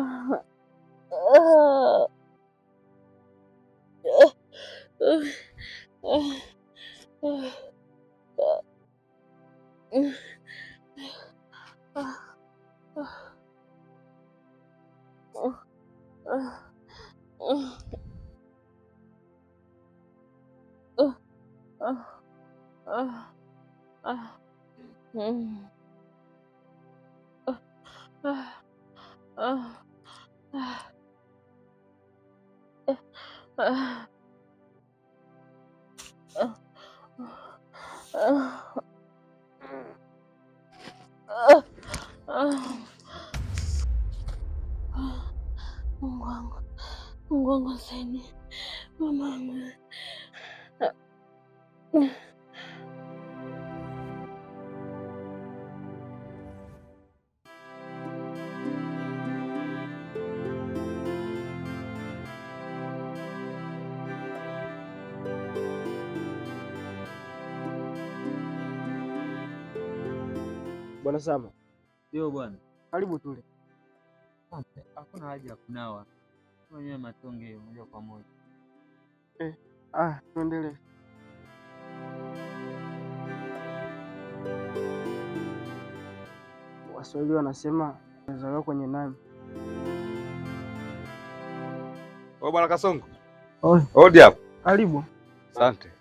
Oh. Mungu wangu, Mungu wangu, seni mamangu Bwana Sama. Ndio bwana. Karibu tule. Hakuna haja ya kunawa. Tunywe matonge moja kwa moja. Eh, ah, tuendelee. Waswahili wanasema umezaliwa kwenye nani? Bwana Kasongo. Odi hapo. Karibu. Asante.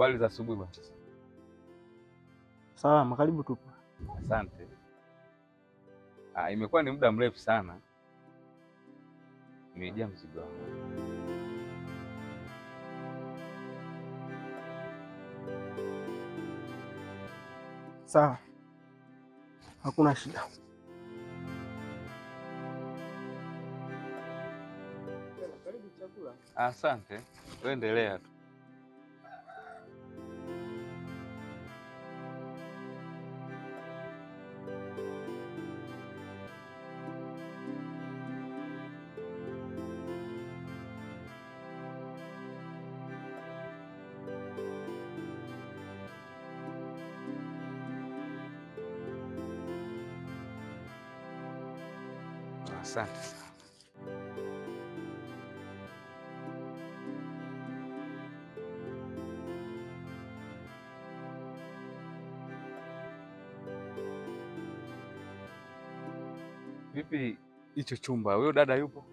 Habari za asubuhi Mafisa. Salama, karibu tupo. Asante. Ah, imekuwa ni muda mrefu sana, nimejaa mzigo wangu. Sawa, hakuna shida. Asante, tuendelea tu. Asante sana. Vipi hicho chumba, huyo dada yupo?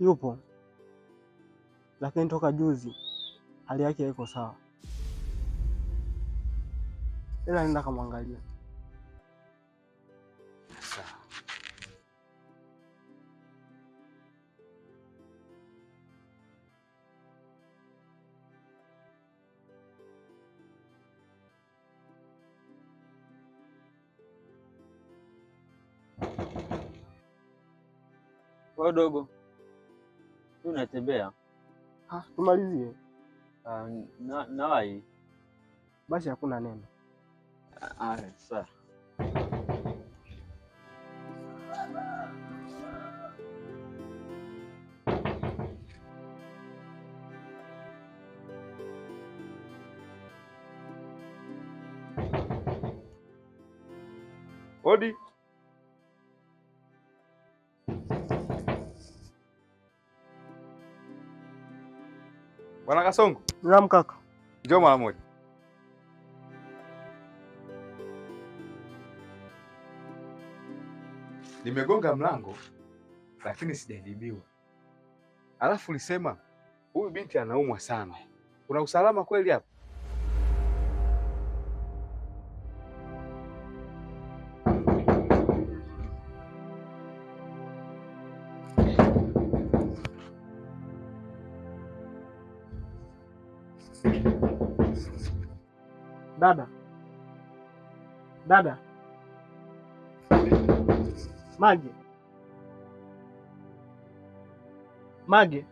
Yupo, lakini toka juzi hali yake haiko sawa, ila nenda kamwangalia. Wewe dogo, Ha, tumalizie ah, nawai. Uh, basi hakuna neno. Haya, ah, ah, sawa. Odi. Bwana Kasongo. Naam kaka. Njoo mara moja. Nimegonga mlango lakini sijajibiwa. Alafu ulisema huyu binti anaumwa sana. Kuna usalama kweli hapa? Dada, dada, Mage, Mage,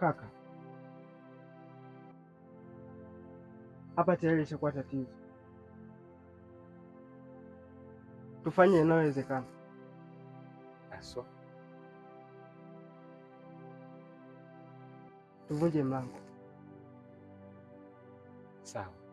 kaka, hapa tayari ishakuwa tatizo. Tufanye inayowezekana haswa? Tuvunje mlango. Sawa.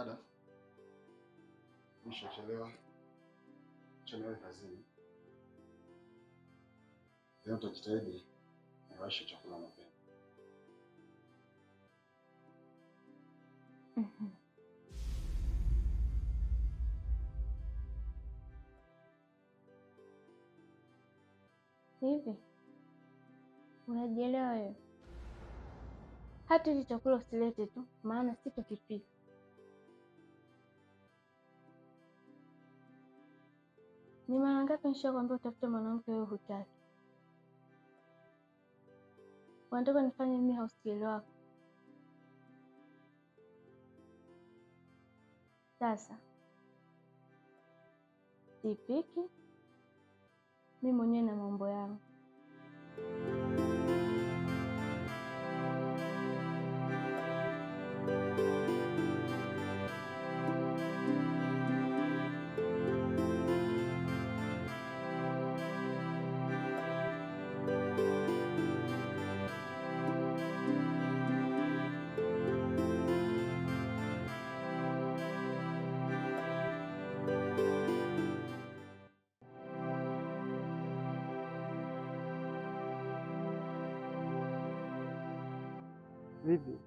Dada, nishachelewa chelewa kazini, leo tutajitahidi niwaishe chakula mapema. Mhm. Hivi unajielewa wewe? Hata hicho chakula usilete tu, maana sitokipika. Ni mara ngapi nishakwambia utafute mwanamke wewe hutaki? Wanataka nifanye mimi hausikili wako? Sasa sipiki mimi mwenyewe na mambo yangu. Vipi?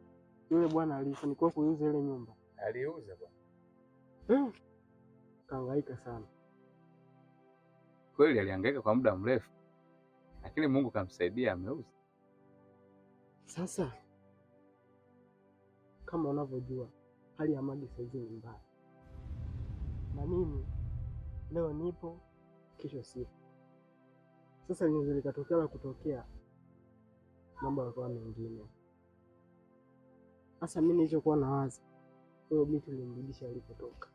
Yule bwana alifanikiwa kuiuza ile nyumba? Aliuza bwana. Hmm. Eh, Kaangaika sana. Kweli aliangaika kwa muda mrefu. Lakini Mungu kamsaidia ameuza. Sasa kama unavyojua hali ya maji saizi ni mbaya, na mimi leo nipo, kesho sipo. Sasa linaweza la kutokea mambo yakawa mengine. Hasa mimi nilichokuwa nawaza, huyo binti nilimrudisha alipotoka.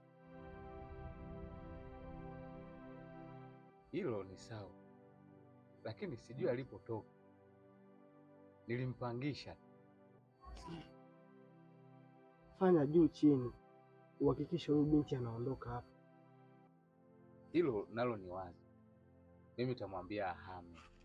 Hilo ni sawa, lakini sijui alipotoka, nilimpangisha. Fanya juu chini uhakikishe huyu binti anaondoka hapa. Hilo nalo ni wazi, mimi tamwambia ahame.